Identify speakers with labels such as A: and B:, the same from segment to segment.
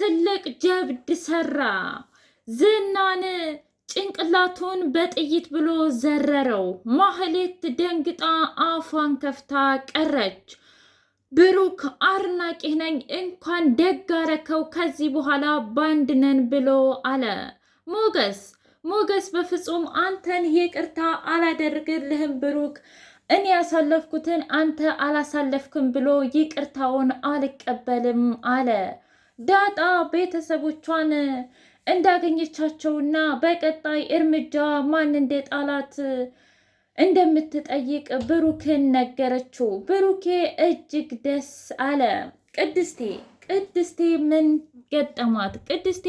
A: ትልቅ ጀብድ ሰራ። ዝናን ጭንቅላቱን በጥይት ብሎ ዘረረው። ማህሌት ደንግጣ አፏን ከፍታ ቀረች። ብሩክ አርናቂ ነኝ፣ እንኳን ደግ አረከው፣ ከዚህ በኋላ ባንድ ነን ብሎ አለ። ሞገስ ሞገስ በፍጹም አንተን ይቅርታ አላደርግልህም ብሩክ፣ እኔ ያሳለፍኩትን አንተ አላሳለፍክም ብሎ ይቅርታውን አልቀበልም አለ። ዳጣ ቤተሰቦቿን እንዳገኘቻቸውና በቀጣይ እርምጃ ማን እንደጣላት እንደምትጠይቅ ብሩክን ነገረችው። ብሩኬ እጅግ ደስ አለ። ቅድስቴ ቅድስቴ ምን ገጠማት? ቅድስቴ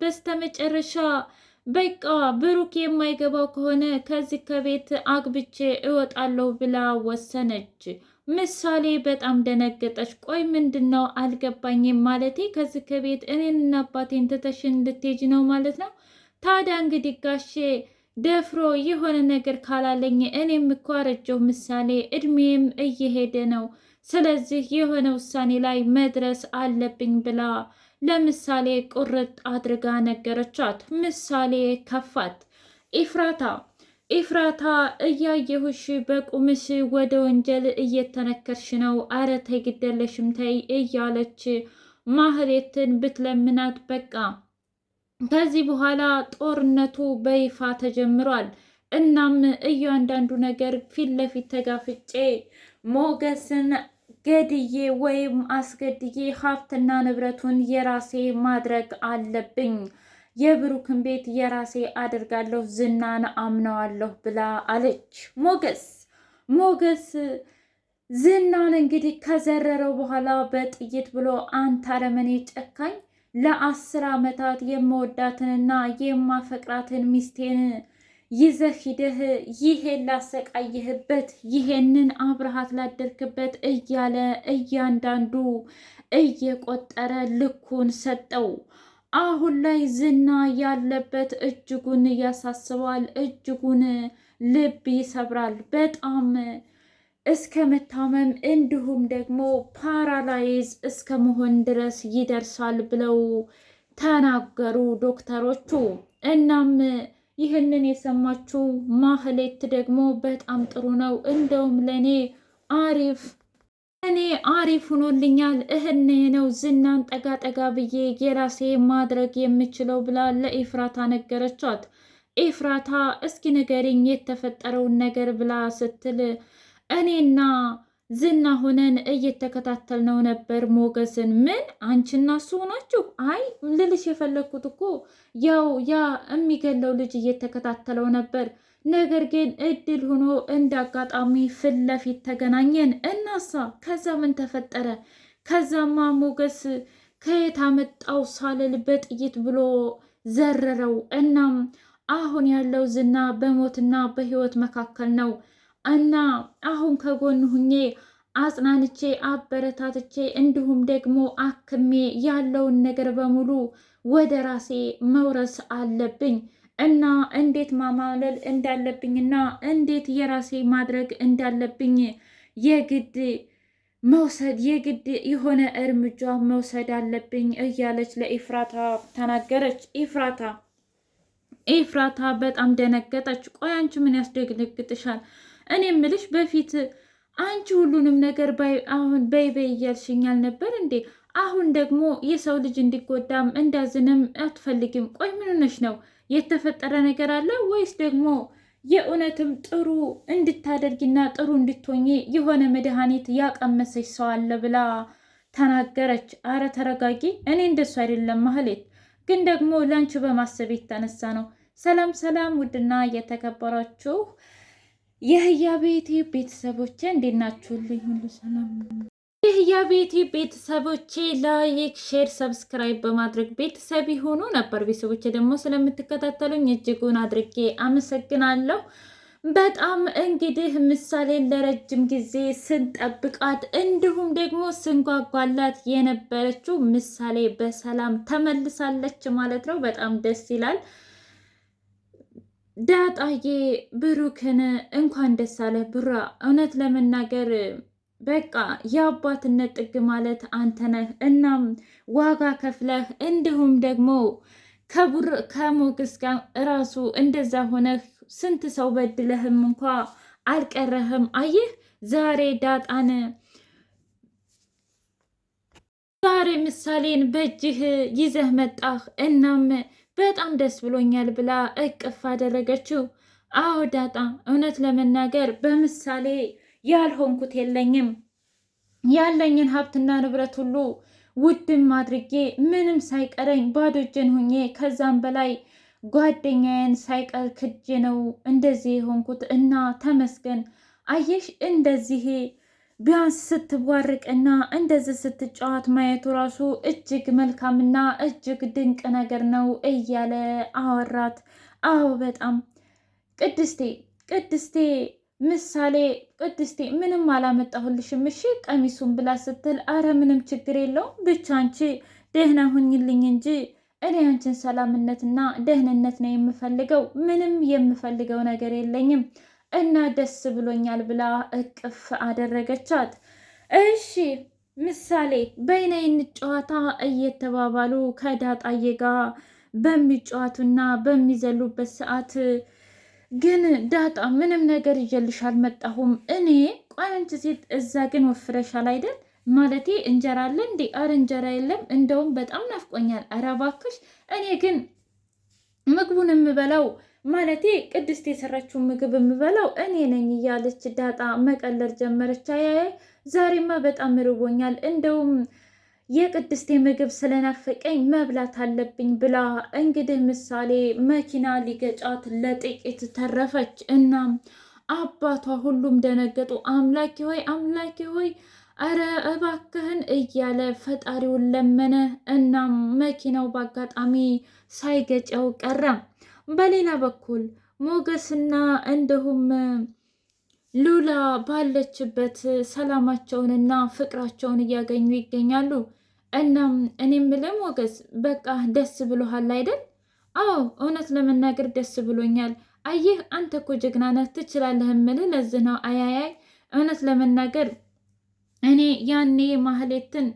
A: በስተመጨረሻ በቃ ብሩክ የማይገባው ከሆነ ከዚህ ከቤት አግብቼ እወጣለሁ ብላ ወሰነች። ምሳሌ በጣም ደነገጠች። ቆይ ምንድን ነው አልገባኝም። ማለቴ ከዚህ ከቤት እኔንና አባቴን ትተሽን ልትሄጂ ነው ማለት ነው? ታዲያ እንግዲህ ጋሼ ደፍሮ የሆነ ነገር ካላለኝ እኔም እኮ አረጀሁ ምሳሌ፣ እድሜም እየሄደ ነው። ስለዚህ የሆነ ውሳኔ ላይ መድረስ አለብኝ ብላ ለምሳሌ ቁርጥ አድርጋ ነገረቻት። ምሳሌ ከፋት። ኢፍራታ ኤፍራታ እያየሁሽ በቁምሽ ወደ ወንጀል እየተነከርሽ ነው፣ አረ ተይ ግደለሽም ተይ እያለች ማህሌትን ብትለምናት በቃ ከዚህ በኋላ ጦርነቱ በይፋ ተጀምሯል። እናም እያንዳንዱ ነገር ፊት ለፊት ተጋፍጬ ሞገስን ገድዬ ወይም አስገድዬ ሀብትና ንብረቱን የራሴ ማድረግ አለብኝ። የብሩክን ቤት የራሴ አድርጋለሁ ዝናን አምነዋለሁ ብላ አለች። ሞገስ ሞገስ ዝናን እንግዲህ ከዘረረው በኋላ በጥይት ብሎ አንተ አረመኔ ጨካኝ፣ ለአስር ዓመታት የምወዳትንና የማፈቅራትን ሚስቴን ይዘህ ሂደህ ይሄን ላሰቃየህበት ይሄንን አብርሃት ላደርክበት እያለ እያንዳንዱ እየቆጠረ ልኩን ሰጠው። አሁን ላይ ዝና ያለበት እጅጉን ያሳስባል፣ እጅጉን ልብ ይሰብራል። በጣም እስከ መታመም እንዲሁም ደግሞ ፓራላይዝ እስከ መሆን ድረስ ይደርሳል ብለው ተናገሩ ዶክተሮቹ። እናም ይህንን የሰማችው ማህሌት ደግሞ በጣም ጥሩ ነው፣ እንደውም ለእኔ አሪፍ እኔ አሪፍ ሆኖልኛል እህን ነው ዝናን ጠጋ ጠጋ ብዬ የራሴ ማድረግ የምችለው ብላ ለኤፍራታ ነገረቻት። ኤፍራታ እስኪ ንገሪኝ የተፈጠረውን ነገር ብላ ስትል እኔና ዝና ሆነን እየተከታተልነው ነበር ሞገስን። ምን አንቺና እሱ ሆናችሁ? አይ ልልሽ የፈለግኩት እኮ ያው ያ የሚገለው ልጅ እየተከታተለው ነበር ነገር ግን እድል ሆኖ እንደ አጋጣሚ ፊት ለፊት ተገናኘን። እናሳ ከዛ ምን ተፈጠረ? ከዛማ ሞገስ ከየት አመጣው ሳልል በጥይት ብሎ ዘረረው። እናም አሁን ያለው ዝና በሞትና በህይወት መካከል ነው እና አሁን ከጎን ሁኜ አጽናንቼ አበረታትቼ እንዲሁም ደግሞ አክሜ ያለውን ነገር በሙሉ ወደ ራሴ መውረስ አለብኝ። እና እንዴት ማማለል እንዳለብኝና እንዴት የራሴ ማድረግ እንዳለብኝ የግድ መውሰድ የግድ የሆነ እርምጃ መውሰድ አለብኝ እያለች ለኢፍራታ ተናገረች። ኢፍራታ ኢፍራታ በጣም ደነገጠች። ቆይ አንቺ ምን ያስደነግጥሻል? እኔ ምልሽ በፊት አንቺ ሁሉንም ነገር አሁን በይ በይ እያልሽኛል ነበር እንዴ? አሁን ደግሞ የሰው ልጅ እንዲጎዳም እንዳዝንም አትፈልጊም። ቆይ ምን ሆነሽ ነው? የተፈጠረ ነገር አለ ወይስ ደግሞ የእውነትም ጥሩ እንድታደርጊና ጥሩ እንድትሆኚ የሆነ መድኃኒት ያቀመሰች ሰው አለ ብላ ተናገረች። አረ ተረጋጊ፣ እኔ እንደሱ አይደለም ማህሌት፣ ግን ደግሞ ለአንቺ በማሰብ የተነሳ ነው። ሰላም ሰላም፣ ውድና የተከበራችሁ የህያ ቤቴ ቤተሰቦቼ እንዴት ናችሁልኝ? ሁሉ ሰላም ይህ የቤቲ ቤተሰቦቼ ላይክ፣ ሼር፣ ሰብስክራይብ በማድረግ ቤተሰብ ይሁኑ። ነበር ቤተሰቦቼ ደግሞ ስለምትከታተሉኝ እጅጉን አድርጌ አመሰግናለሁ። በጣም እንግዲህ ምሳሌን ለረጅም ጊዜ ስንጠብቃት እንዲሁም ደግሞ ስንጓጓላት የነበረችው ምሳሌ በሰላም ተመልሳለች ማለት ነው። በጣም ደስ ይላል። ዳጣዬ ብሩክን እንኳን ደስ አለህ ብራ። እውነት ለመናገር በቃ የአባትነት ጥግ ማለት አንተ ነህ። እናም ዋጋ ከፍለህ እንዲሁም ደግሞ ከቡር ከሞገስ ጋር እራሱ እንደዛ ሆነህ ስንት ሰው በድለህም እንኳ አልቀረህም። አየህ ዛሬ ዳጣን ዛሬ ምሳሌን በእጅህ ይዘህ መጣህ። እናም በጣም ደስ ብሎኛል ብላ እቅፍ አደረገችው። አዎ ዳጣ፣ እውነት ለመናገር በምሳሌ ያልሆንኩት የለኝም። ያለኝን ሀብትና ንብረት ሁሉ ውድም አድርጌ ምንም ሳይቀረኝ ባዶ እጄን ሁኜ ከዛም በላይ ጓደኛዬን ሳይቀር ክጄ ነው እንደዚህ የሆንኩት እና ተመስገን። አየሽ እንደዚህ ቢያንስ ስትቧርቅና እንደዚህ ስትጫወት ማየቱ ራሱ እጅግ መልካምና እጅግ ድንቅ ነገር ነው እያለ አወራት። አዎ በጣም ቅድስቴ ቅድስቴ ምሳሌ ቅድስቴ ምንም አላመጣሁልሽም እሺ ቀሚሱን ብላ ስትል፣ አረ ምንም ችግር የለውም ብቻ አንቺ ደህና ሁኝልኝ እንጂ እኔ አንቺን ሰላምነትና ደህንነት ነው የምፈልገው። ምንም የምፈልገው ነገር የለኝም እና ደስ ብሎኛል ብላ እቅፍ አደረገቻት። እሺ ምሳሌ በይነይን ጨዋታ እየተባባሉ ከዳጣዬ ጋር በሚጫዋቱና በሚዘሉበት ሰዓት ግን ዳጣ ምንም ነገር ይዤልሽ አልመጣሁም። እኔ ቆይ አንቺ ሴት እዛ ግን ወፍረሻል አይደል? ማለቴ እንጀራ አለ እንዴ? አረ እንጀራ የለም፣ እንደውም በጣም ናፍቆኛል። አረ እባክሽ እኔ ግን ምግቡን የምበላው ማለቴ ቅድስት የሰራችውን ምግብ የምበላው እኔ ነኝ እያለች ዳጣ መቀለር ጀመረች። አያያይ ዛሬማ በጣም ርቦኛል እንደውም የቅድስት ምግብ ስለናፈቀኝ መብላት አለብኝ ብላ እንግዲህ ምሳሌ መኪና ሊገጫት ለጥቂት ተረፈች። እናም አባቷ ሁሉም ደነገጡ። አምላኬ ሆይ አምላኬ ሆይ አረ እባክህን እያለ ፈጣሪውን ለመነ። እናም መኪናው በአጋጣሚ ሳይገጨው ቀረ። በሌላ በኩል ሞገስና እንዲሁም ሉላ ባለችበት ሰላማቸውንና ፍቅራቸውን እያገኙ ይገኛሉ። እናም እኔ የምልህ ሞገስ በቃ ደስ ብሎሃል አይደል? አዎ እውነት ለመናገር ደስ ብሎኛል። አየህ አንተ እኮ ጀግና ነህ፣ ትችላለህ ምል ለዚህ ነው። አያያይ እውነት ለመናገር እኔ ያኔ ማህሌትን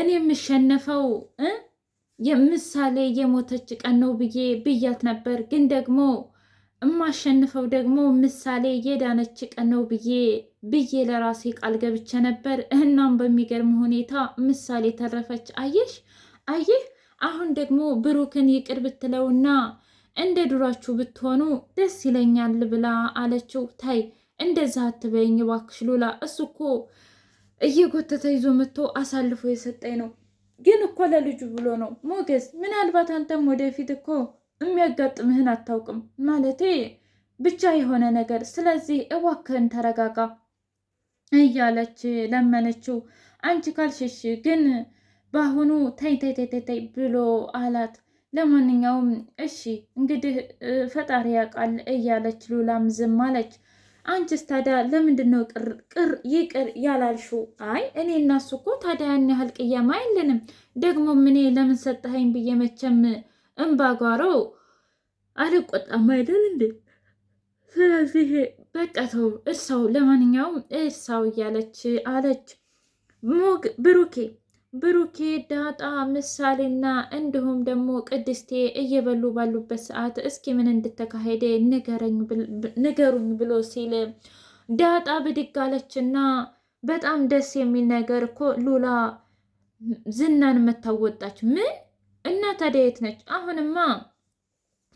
A: እኔ የምሸነፈው ምሳሌ የሞተች ቀን ነው ብዬ ብያት ነበር ግን ደግሞ እማሸንፈው ደግሞ ምሳሌ የዳነች ቀን ነው ብዬ ብዬ ለራሴ ቃል ገብቼ ነበር። እናም በሚገርም ሁኔታ ምሳሌ ተረፈች። አየሽ አየህ፣ አሁን ደግሞ ብሩክን ይቅር ብትለውና እንደ ዱራችሁ ብትሆኑ ደስ ይለኛል ብላ አለችው። ታይ እንደዛ አትበይኝ እባክሽ ሉላ፣ እሱ እኮ እየጎተተ ይዞ መጥቶ አሳልፎ የሰጠኝ ነው፣ ግን እኮ ለልጁ ብሎ ነው ሞገስ። ምናልባት አንተም ወደፊት እኮ የሚያጋጥምህን አታውቅም ማለቴ ብቻ የሆነ ነገር። ስለዚህ እባክህን ተረጋጋ እያለች ለመነችው። አንቺ ካልሽሽ ግን በአሁኑ ተይ ተይ ተይ ተይ ብሎ አላት። ለማንኛውም እሺ እንግዲህ ፈጣሪ ያውቃል እያለች ሉላም ዝም አለች። አንቺስ ታዲያ ለምንድን ነው ቅር ይቅር ያላልሹ? አይ እኔ እና እሱ እኮ ታዲያ ያን ያህል ቅያማ የለንም። ደግሞ እኔ ለምን ሰጠኸኝ ብዬ መቼም እምባጓሮ አልቆጣም አይደል እንዴ? ስለዚህ በቃ ተው እርሳው፣ ለማንኛውም እርሳው እያለች አለች ሞግ ብሩኬ ብሩኬ ዳጣ ምሳሌና እንዲሁም ደግሞ ቅድስቴ እየበሉ ባሉበት ሰዓት እስኪ ምን እንድተካሄደ ንገሩኝ ብሎ ሲል ዳጣ ብድግ አለችና በጣም ደስ የሚል ነገር እኮ ሉላ ዝናን መታወጣች። ምን እና ታዲያ የት ነች አሁንማ?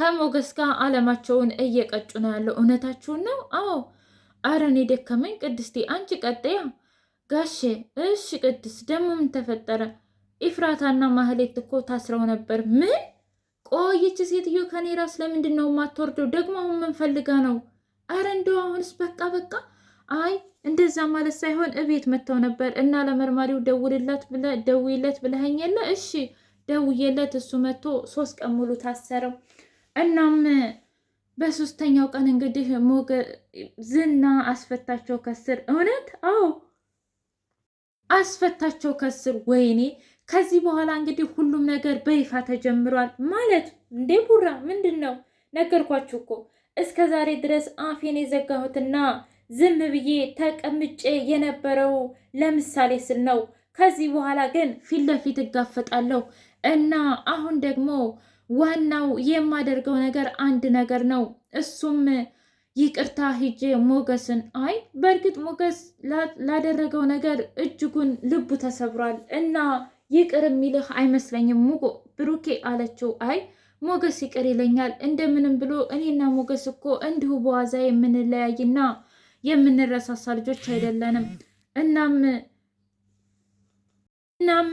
A: ከሞገስ ጋር አለማቸውን እየቀጩ ነው ያለው። እውነታችሁን ነው? አዎ። አረ እኔ ደከመኝ። ቅድስቴ አንቺ ቀጥያ። ጋሼ እሺ። ቅድስት ደግሞ ምን ተፈጠረ? ኢፍራታና ማህሌት እኮ ታስረው ነበር። ምን? ቆይች ሴትዮ ከኔ ራስ ለምንድን ነው የማትወርደው? ደግሞ አሁን ምን ፈልጋ ነው? አረ እንደው አሁንስ በቃ በቃ። አይ እንደዛ ማለት ሳይሆን እቤት መጥተው ነበር እና ለመርማሪው ደውልላት ብለ ደውይለት ብለኸኝ የለ? እሺ ደውዬለት፣ እሱ መጥቶ ሶስት ቀን ሙሉ ታሰረው። እናም በሶስተኛው ቀን እንግዲህ ሞገ ዝና አስፈታቸው ከስር። እውነት አዎ አስፈታቸው ከስር። ወይኔ ከዚህ በኋላ እንግዲህ ሁሉም ነገር በይፋ ተጀምሯል ማለት እንዴ! ቡራ ምንድን ነው? ነገርኳችሁ እኮ እስከ ዛሬ ድረስ አፌን የዘጋሁትና ዝም ብዬ ተቀምጬ የነበረው ለምሳሌ ስል ነው። ከዚህ በኋላ ግን ፊት ለፊት እጋፈጣለሁ እና አሁን ደግሞ ዋናው የማደርገው ነገር አንድ ነገር ነው። እሱም ይቅርታ ሂጄ ሞገስን አይ በእርግጥ ሞገስ ላደረገው ነገር እጅጉን ልቡ ተሰብሯል እና ይቅር የሚልህ አይመስለኝም ሙጎ ብሩኬ አለችው። አይ ሞገስ ይቅር ይለኛል እንደምንም ብሎ እኔና ሞገስ እኮ እንዲሁ በዋዛ የምንለያይና የምንረሳሳ ልጆች አይደለንም። እናም እናም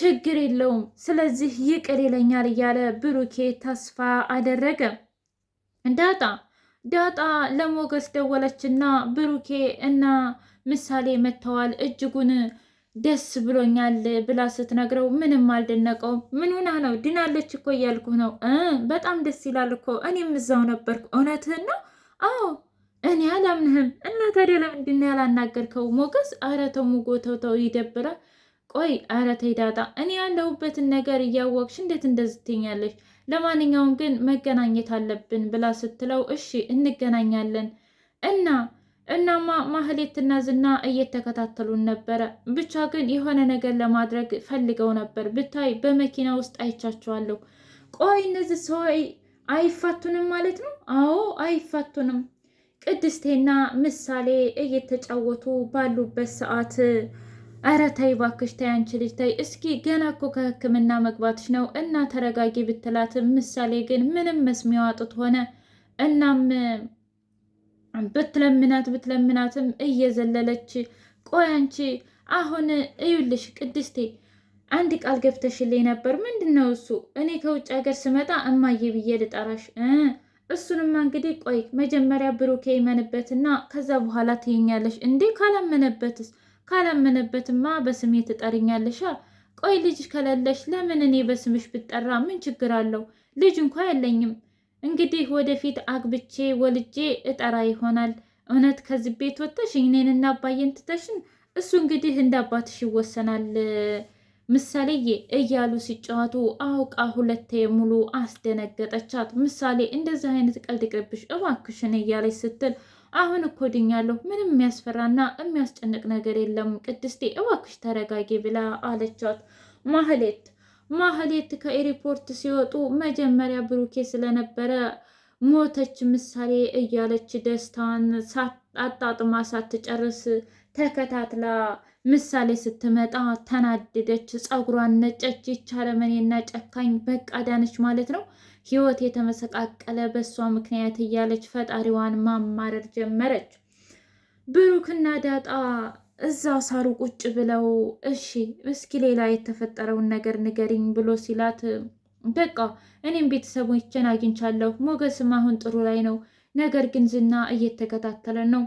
A: ችግር የለውም ስለዚህ ይቅር ይለኛል እያለ ብሩኬ ተስፋ አደረገ። ዳጣ ዳጣ ለሞገስ ደወለችና ብሩኬ እና ምሳሌ መጥተዋል እጅጉን ደስ ብሎኛል ብላ ስትነግረው ምንም አልደነቀውም። ምን ሆና ነው? ድናለች እኮ እያልኩ ነው። በጣም ደስ ይላል እኮ እኔም እዛው ነበርኩ። እውነትህን ነው? አዎ እኔ አላምንህም። እና ታዲያ ለምንድን ያላናገርከው? ሞገስ ኧረ ተው ሙጎ ተው ተው፣ ይደብራል ቆይ ኧረ ተይ ዳጣ፣ እኔ ያለሁበትን ነገር እያወቅሽ እንዴት እንደዚህ ትይኛለሽ? ለማንኛውም ግን መገናኘት አለብን ብላ ስትለው እሺ እንገናኛለን እና እናማ ማህሌትና ዝና እየተከታተሉን ነበረ። ብቻ ግን የሆነ ነገር ለማድረግ ፈልገው ነበር። ብታይ በመኪና ውስጥ አይቻቸዋለሁ። ቆይ እነዚህ ሰው አይፋቱንም ማለት ነው? አዎ አይፋቱንም። ቅድስቴና ምሳሌ እየተጫወቱ ባሉበት ሰዓት አረ ተይ ባክሽ ተይ፣ አንቺ ልጅ ተይ እስኪ ገና እኮ ከህክምና መግባትሽ ነው እና ተረጋጊ ብትላት፣ ምሳሌ ግን ምንም መስሚያ አጡት ሆነ። እናም ብትለምናት ብትለምናትም እየዘለለች ቆይ አንቺ አሁን እዩልሽ ቅድስቴ አንድ ቃል ገብተሽልኝ ነበር። ምንድን ነው እሱ? እኔ ከውጭ ሀገር ስመጣ እማዬ ብዬ ልጠራሽ። እሱንማ እንግዲህ ቆይ መጀመሪያ ብሩኬ ይመንበትና ከዛ በኋላ ትይኛለሽ። እንዴ ካላመነበትስ? ካላመነበትማ በስሜ ትጠርኛለሻ። ቆይ ልጅ ከሌለሽ ለምን እኔ በስምሽ ብጠራ ምን ችግር አለው? ልጅ እንኳ የለኝም። እንግዲህ ወደፊት አግብቼ ወልጄ እጠራ ይሆናል። እውነት ከዚህ ቤት ወጥተሽ እኔንና አባዬን ትተሽን፣ እሱ እንግዲህ እንደ አባትሽ ይወሰናል። ምሳሌዬ እያሉ ሲጫወቱ አውቃ ሁለቴ ሙሉ አስደነገጠቻት። ምሳሌ እንደዚህ አይነት ቀልድ ቅርብሽ እባክሽን እያለች ስትል አሁን እኮ ድኛለሁ። ምንም የሚያስፈራና የሚያስጨንቅ ነገር የለም። ቅድስቴ እባክሽ ተረጋጊ ብላ አለቻት። ማህሌት ማህሌት ከኤሪፖርት ሲወጡ መጀመሪያ ብሩኬ ስለነበረ ሞተች ምሳሌ እያለች ደስታን አጣጥማ ሳትጨርስ ተከታትላ ምሳሌ ስትመጣ ተናደደች፣ ፀጉሯን ነጨች። ይቻለመኔና ጨካኝ በቃ ዳነች ማለት ነው። ህይወት የተመሰቃቀለ በእሷ ምክንያት እያለች ፈጣሪዋን ማማረር ጀመረች። ብሩክና ዳጣ እዛ ሳሩ ቁጭ ብለው እሺ እስኪ ሌላ የተፈጠረውን ነገር ንገሪኝ ብሎ ሲላት በቃ እኔም ቤተሰቦችን አግኝቻለሁ። ሞገስም አሁን ጥሩ ላይ ነው። ነገር ግን ዝና እየተከታተለን ነው።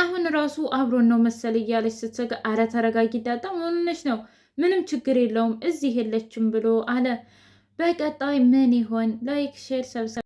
A: አሁን ራሱ አብሮን ነው መሰል እያለች ስትሰጋ፣ አረ ተረጋጊ ዳጣ መሆንነች ነው ምንም ችግር የለውም እዚህ የለችም ብሎ አለ። በቀጣይ ምን ይሆን? ላይክ፣ ሼር፣ ሰብስክራይብ